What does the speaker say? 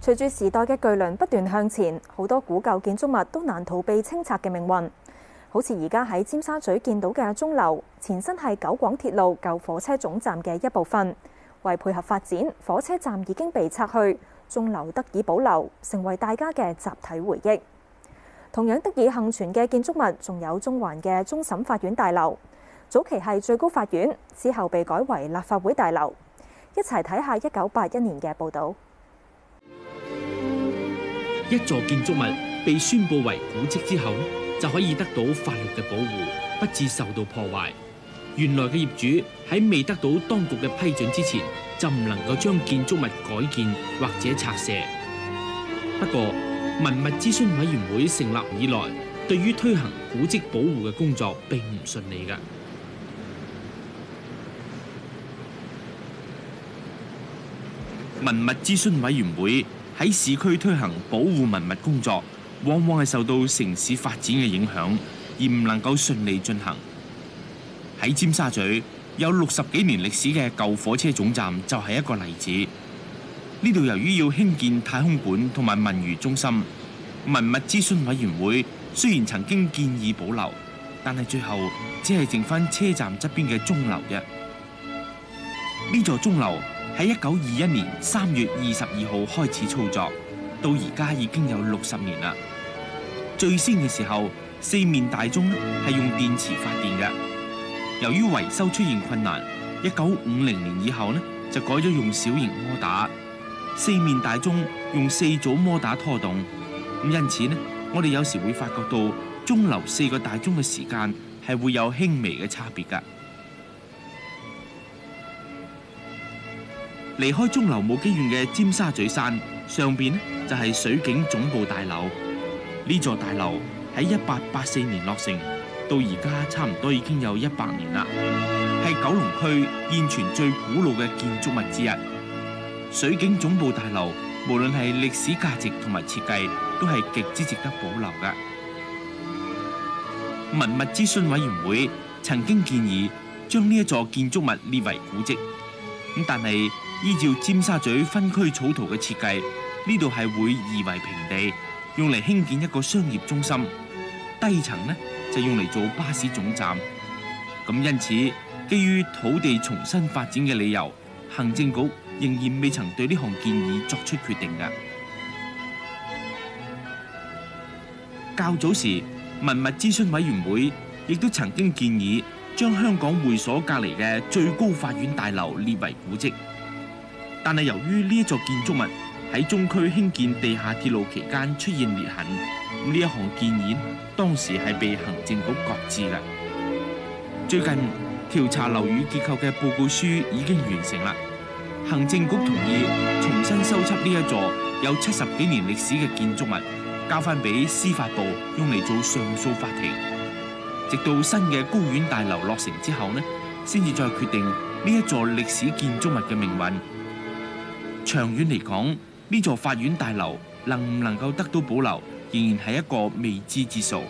隨住時代嘅巨輪不斷向前，好多古舊建築物都難逃被清拆嘅命運。好似而家喺尖沙咀見到嘅鐘樓，前身係九廣鐵路舊火車總站嘅一部分。為配合發展，火車站已經被拆去，鐘樓得以保留，成為大家嘅集體回憶。同樣得以幸存嘅建築物，仲有中環嘅終審法院大樓，早期係最高法院，之後被改為立法會大樓。一齊睇下一九八一年嘅報導。一座建築物被宣佈為古蹟之後就可以得到法律嘅保護，不致受到破壞。原來嘅業主喺未得到當局嘅批准之前，就唔能夠將建築物改建或者拆卸。不過，文物諮詢委員會成立以來，對於推行古蹟保護嘅工作並唔順利㗎。文物諮詢委員會。喺市區推行保護文物工作，往往係受到城市發展嘅影響，而唔能夠順利進行。喺尖沙咀有六十幾年歷史嘅舊火車總站就係一個例子。呢度由於要興建太空館同埋文娛中心，文物諮詢委員會雖然曾經建議保留，但係最後只係剩翻車站側邊嘅鐘樓一。呢座鐘樓。喺一九二一年三月二十二號開始操作，到而家已經有六十年啦。最先嘅時候，四面大鐘咧係用電池發電嘅。由於維修出現困難，一九五零年以後呢，就改咗用小型摩打。四面大鐘用四組摩打拖動，咁因此呢，我哋有時會發覺到鐘樓四個大鐘嘅時間係會有輕微嘅差別噶。離開鐘樓冇幾遠嘅尖沙咀山上邊就係水警總部大樓。呢座大樓喺一八八四年落成，到而家差唔多已經有一百年啦，係九龍區現存最古老嘅建築物之一。水警總部大樓無論係歷史價值同埋設計都係極之值得保留嘅。文物諮詢委員會曾經建議將呢一座建築物列為古蹟，但係，依照尖沙咀分區草圖嘅設計，呢度係會夷為平地，用嚟興建一個商業中心。低層呢就用嚟做巴士總站。咁因此，基於土地重新發展嘅理由，行政局仍然未曾對呢項建議作出決定嘅。較早時，文物諮詢委員會亦都曾經建議將香港會所隔籬嘅最高法院大樓列為古蹟。但係由於呢一座建築物喺中區興建地下鐵路期間出現裂痕，呢一項建議當時係被行政局擱置嘅。最近調查樓宇結構嘅報告書已經完成啦，行政局同意重新收葺呢一座有七十幾年歷史嘅建築物，交翻俾司法部用嚟做上訴法庭。直到新嘅高院大樓落成之後呢，先至再決定呢一座歷史建築物嘅命運。長遠嚟講，呢座法院大樓能唔能夠得到保留，仍然係一個未知之數。